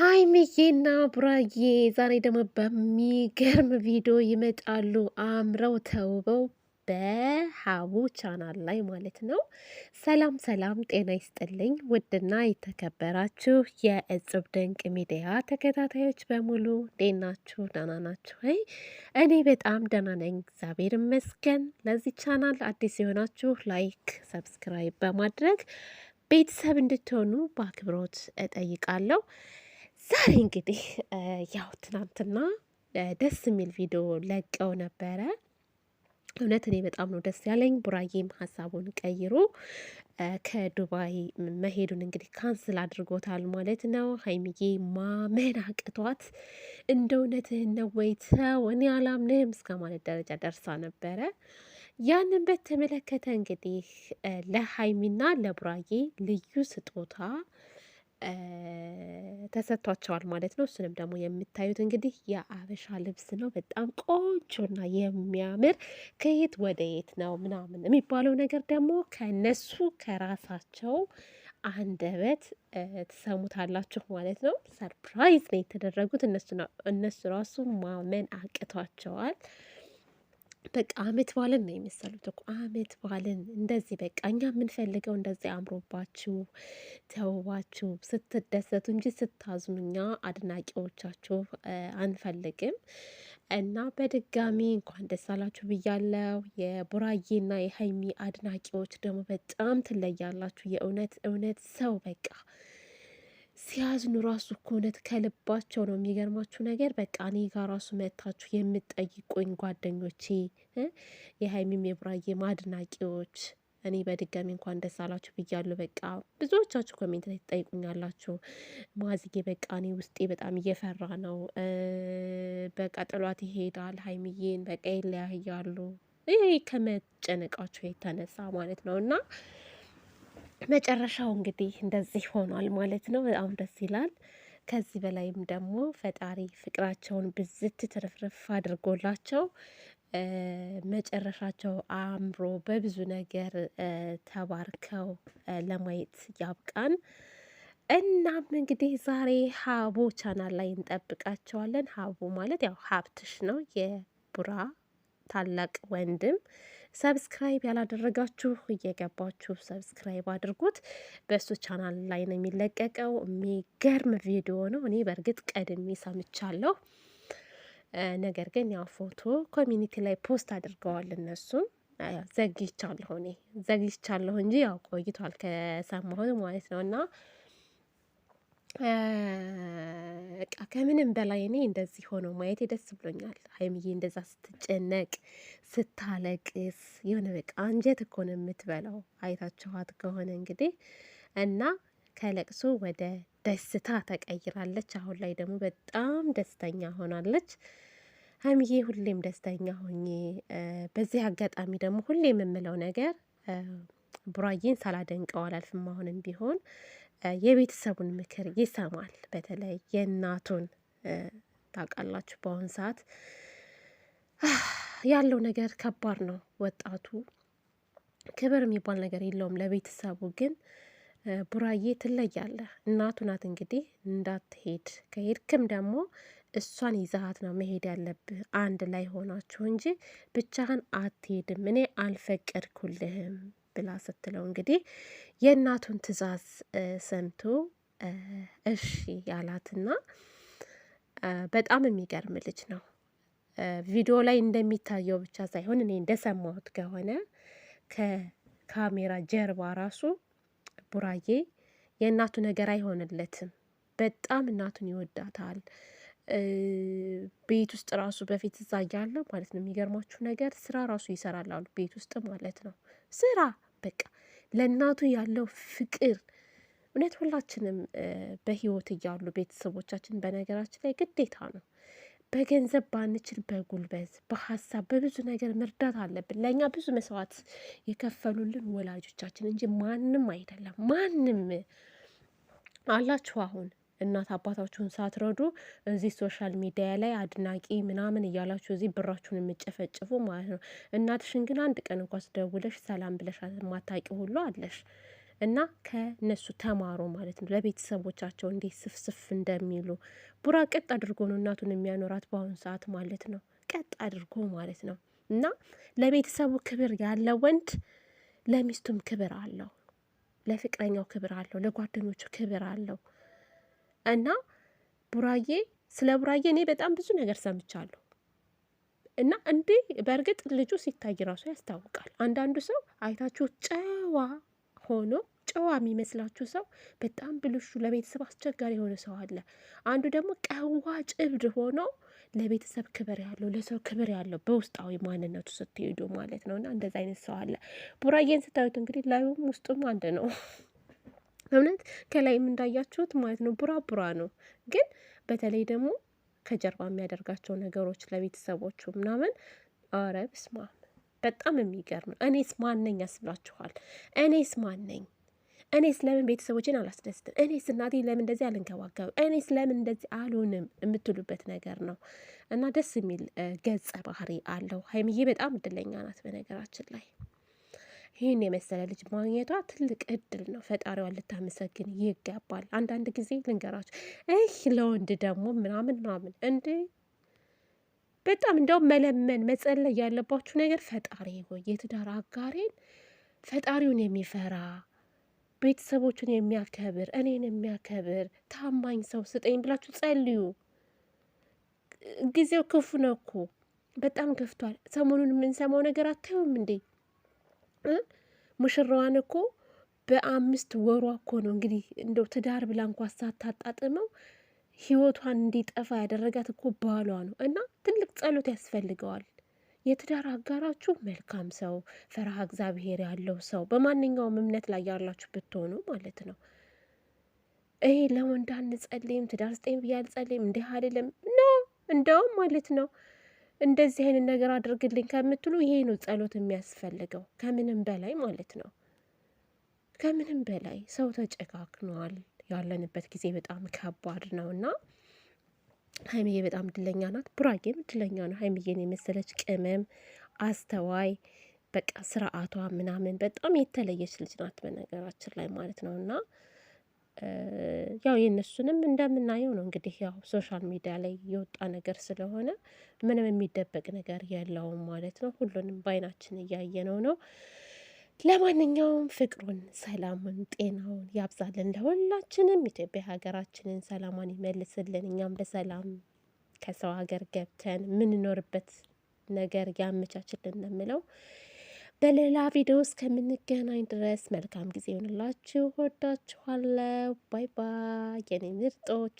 ሀይሚዬና ቡራዬ ዛሬ ደግሞ በሚገርም ቪዲዮ ይመጣሉ። አምረው ተውበው በሀቡ ቻናል ላይ ማለት ነው። ሰላም ሰላም፣ ጤና ይስጥልኝ ውድና የተከበራችሁ የእጽብ ድንቅ ሚዲያ ተከታታዮች በሙሉ እንዴት ናችሁ? ደህና ናችሁ ወይ? እኔ በጣም ደህና ነኝ፣ እግዚአብሔር ይመስገን። ለዚህ ቻናል አዲስ የሆናችሁ ላይክ፣ ሰብስክራይብ በማድረግ ቤተሰብ እንድትሆኑ በአክብሮት እጠይቃለሁ። ዛሬ እንግዲህ ያው ትናንትና ደስ የሚል ቪዲዮ ለቀው ነበረ። እውነት እኔ በጣም ነው ደስ ያለኝ። ቡራዬም ሀሳቡን ቀይሮ ከዱባይ መሄዱን እንግዲህ ካንስል አድርጎታል ማለት ነው። ሀይሚዬ ማመን አቅቷት እንደ እውነትህን ነው ወይ ተው እኔ አላምንህም እስከ ማለት ደረጃ ደርሳ ነበረ። ያንን በተመለከተ እንግዲህ ለሀይሚና ለቡራዬ ልዩ ስጦታ ተሰጥቷቸዋል ማለት ነው። እሱንም ደግሞ የምታዩት እንግዲህ የአበሻ ልብስ ነው። በጣም ቆንጆና የሚያምር ከየት ወደ የት ነው ምናምን የሚባለው ነገር ደግሞ ከነሱ ከራሳቸው አንደበት ትሰሙታላችሁ ማለት ነው። ሰርፕራይዝ ነው የተደረጉት እነሱ ራሱ ማመን አቅቷቸዋል። በቃ አመት በዓልን ነው የመሰሉት እኮ አመት በዓልን እንደዚህ በቃ እኛ የምንፈልገው እንደዚህ አምሮባችሁ ተውባችሁ ስትደሰቱ እንጂ ስታዝኑ እኛ አድናቂዎቻችሁ አንፈልግም። እና በድጋሚ እንኳን ደስ አላችሁ ብያለው። የቡራዬና የሀይሚ አድናቂዎች ደግሞ በጣም ትለያላችሁ። የእውነት እውነት ሰው በቃ ሲያዝኑ ራሱ እኮ እውነት ከልባቸው ነው። የሚገርማችሁ ነገር በቃ እኔ ጋር ራሱ መታችሁ የምጠይቁኝ ጓደኞቼ፣ የሀይሚም የብራዬም አድናቂዎች እኔ በድጋሚ እንኳን ደስ አላችሁ ብያለሁ። በቃ ብዙዎቻችሁ ኮሜንት ላይ ትጠይቁኛላችሁ። ማዝጌ በቃ እኔ ውስጤ በጣም እየፈራ ነው፣ በቃ ጥሏት ይሄዳል ሀይሚዬን በቃ ይለያያሉ። ይህ ከመጨነቃችሁ የተነሳ ማለት ነው እና መጨረሻው እንግዲህ እንደዚህ ሆኗል ማለት ነው። በጣም ደስ ይላል። ከዚህ በላይም ደግሞ ፈጣሪ ፍቅራቸውን ብዝት ትርፍርፍ አድርጎላቸው መጨረሻቸው አእምሮ በብዙ ነገር ተባርከው ለማየት ያብቃን። እናም እንግዲህ ዛሬ ሀቦ ቻናል ላይ እንጠብቃቸዋለን። ሀቦ ማለት ያው ሀብትሽ ነው የቡራ ታላቅ ወንድም ሰብስክራይብ ያላደረጋችሁ እየገባችሁ ሰብስክራይብ አድርጉት። በእሱ ቻናል ላይ ነው የሚለቀቀው። የሚገርም ቪዲዮ ነው። እኔ በእርግጥ ቀድሜ ሰምቻለሁ። ነገር ግን ያው ፎቶ ኮሚኒቲ ላይ ፖስት አድርገዋል እነሱም ዘግቻለሁ እኔ ዘግቻለሁ እንጂ ያው ቆይቷል ከሰማሁ ማለት ነው እና በቃ ከምንም በላይ እኔ እንደዚህ ሆነው ማየት ደስ ብሎኛል። ሀይምዬ እንደዛ ስትጨነቅ ስታለቅስ የሆነ በቃ አንጀት እኮ ነው የምትበላው። አይታችኋት ከሆነ እንግዲህ እና ከለቅሶ ወደ ደስታ ተቀይራለች። አሁን ላይ ደግሞ በጣም ደስተኛ ሆናለች። ሀይምዬ ሁሌም ደስተኛ ሆኜ፣ በዚህ አጋጣሚ ደግሞ ሁሌ የምምለው ነገር ቡራዬን ሳላደንቀው አላልፍም አሁንም ቢሆን የቤተሰቡን ምክር ይሰማል። በተለይ የእናቱን ታውቃላችሁ፣ በአሁን ሰዓት ያለው ነገር ከባድ ነው። ወጣቱ ክብር የሚባል ነገር የለውም። ለቤተሰቡ ግን ቡራዬ ትለያለህ። እናቱ ናት እንግዲህ እንዳትሄድ፣ ከሄድክም ደግሞ እሷን ይዛሃት ነው መሄድ ያለብህ። አንድ ላይ ሆናችሁ እንጂ ብቻህን አትሄድም። እኔ አልፈቀድኩልህም ብላ ስትለው እንግዲህ የእናቱን ትዕዛዝ ሰምቶ እሺ ያላትና በጣም የሚገርም ልጅ ነው። ቪዲዮ ላይ እንደሚታየው ብቻ ሳይሆን እኔ እንደሰማሁት ከሆነ ከካሜራ ጀርባ ራሱ ቡራዬ የእናቱ ነገር አይሆንለትም። በጣም እናቱን ይወዳታል። ቤት ውስጥ ራሱ በፊት እዛ እያለ ማለት ነው የሚገርማችሁ ነገር ስራ ራሱ ይሰራል አሉ ቤት ውስጥ ማለት ነው። ስራ በቃ ለእናቱ ያለው ፍቅር እውነት ሁላችንም በህይወት እያሉ ቤተሰቦቻችን በነገራችን ላይ ግዴታ ነው። በገንዘብ ባንችል በጉልበት በሀሳብ በብዙ ነገር መርዳት አለብን። ለእኛ ብዙ መስዋዕት የከፈሉልን ወላጆቻችን እንጂ ማንም አይደለም። ማንም አላችሁ አሁን እናት አባታችሁን ሳትረዱ እዚህ ሶሻል ሚዲያ ላይ አድናቂ ምናምን እያላችሁ እዚህ ብራችሁን የምጨፈጭፉ ማለት ነው። እናትሽን ግን አንድ ቀን እንኳ ስደውለሽ ሰላም ብለሽ ማታቂ ሁሉ አለሽ። እና ከነሱ ተማሩ ማለት ነው። ለቤተሰቦቻቸው እንዴት ስፍስፍ እንደሚሉ ቡራ ቀጥ አድርጎ ነው እናቱን የሚያኖራት በአሁኑ ሰዓት ማለት ነው። ቀጥ አድርጎ ማለት ነው። እና ለቤተሰቡ ክብር ያለ ወንድ ለሚስቱም ክብር አለው፣ ለፍቅረኛው ክብር አለው፣ ለጓደኞቹ ክብር አለው። እና ቡራዬ ስለ ቡራዬ እኔ በጣም ብዙ ነገር ሰምቻለሁ እና እንዴ በእርግጥ ልጁ ሲታይ ራሱ ያስታውቃል። አንዳንዱ ሰው አይታችሁ ጨዋ ሆኖ ጨዋ የሚመስላችሁ ሰው በጣም ብልሹ፣ ለቤተሰብ አስቸጋሪ የሆነ ሰው አለ። አንዱ ደግሞ ቀዋ ጭብድ ሆኖ ለቤተሰብ ክብር ያለው ለሰው ክብር ያለው በውስጣዊ ማንነቱ ስትሄዱ ማለት ነው። እና እንደዚ አይነት ሰው አለ። ቡራዬን ስታዩት እንግዲህ ላዩም ውስጡም አንድ ነው። እውነት ከላይም እንዳያችሁት ማለት ነው ቡራ ቡራ ነው። ግን በተለይ ደግሞ ከጀርባ የሚያደርጋቸው ነገሮች ለቤተሰቦቹ ምናምን አረ ብስማ በጣም የሚገርም ነው። እኔስ ማነኝ ያስብላችኋል። እኔስ ማነኝ? እኔስ ለምን ቤተሰቦችን አላስደስትም? እኔስ እናቴ ለምን እንደዚህ አልንከባከብም? እኔስ ለምን እንደዚህ አልሆንም የምትሉበት ነገር ነው እና ደስ የሚል ገጸ ባህሪ አለው። ሀይምዬ በጣም እድለኛ ናት በነገራችን ላይ ይህን የመሰለ ልጅ ማግኘቷ ትልቅ እድል ነው። ፈጣሪዋን ልታመሰግን ይገባል። አንዳንድ ጊዜ ልንገራችሁ፣ ይህ ለወንድ ደግሞ ምናምን ምናምን እንዴ በጣም እንደውም መለመን መጸለይ ያለባችሁ ነገር ፈጣሪ ሆይ የትዳር አጋሬን ፈጣሪውን የሚፈራ ቤተሰቦቹን የሚያከብር እኔን የሚያከብር ታማኝ ሰው ስጠኝ ብላችሁ ጸልዩ። ጊዜው ክፉ ነው እኮ በጣም ከፍቷል። ሰሞኑን የምንሰማው ነገር አታዩም እንዴ? ሙሽራዋን እኮ በአምስት ወሯ እኮ ነው እንግዲህ እንደው ትዳር ብላ እንኳ ሳታጣጥመው ህይወቷን እንዲጠፋ ያደረጋት እኮ ባሏ ነው። እና ትልቅ ጸሎት ያስፈልገዋል። የትዳር አጋራችሁ መልካም ሰው፣ ፈሪሃ እግዚአብሔር ያለው ሰው በማንኛውም እምነት ላይ ያላችሁ ብትሆኑ ማለት ነው። ይሄ ለወንድ አንጸልይም፣ ትዳር ስጠኝ ብዬ አልጸልይም፣ እንዲህ አይደለም ነው እንደውም ማለት ነው እንደዚህ አይነት ነገር አድርግልኝ ከምትሉ ይሄ ነው ጸሎት የሚያስፈልገው ከምንም በላይ ማለት ነው። ከምንም በላይ ሰው ተጨካክኗል። ያለንበት ጊዜ በጣም ከባድ ነው እና ሀይምዬ በጣም እድለኛ ናት። ቡራጌም እድለኛ ነው። ሀይምዬን የመሰለች ቅመም አስተዋይ በቃ ስርዓቷ ምናምን በጣም የተለየች ልጅ ናት በነገራችን ላይ ማለት ነው እና ያው የእነሱንም እንደምናየው ነው እንግዲህ ያው ሶሻል ሚዲያ ላይ የወጣ ነገር ስለሆነ ምንም የሚደበቅ ነገር የለውም ማለት ነው። ሁሉንም በአይናችን እያየነው ነው። ለማንኛውም ፍቅሩን፣ ሰላሙን፣ ጤናውን ያብዛልን ለሁላችንም። ኢትዮጵያ ሀገራችንን ሰላሟን ይመልስልን። እኛም በሰላም ከሰው ሀገር ገብተን የምንኖርበት ነገር ያመቻችልን ነው የምለው። በሌላ ቪዲዮ እስከምንገናኝ ድረስ መልካም ጊዜ ይሆንላችሁ። ወዳችኋለሁ። ባይ ባይ የኔ ምርጦች።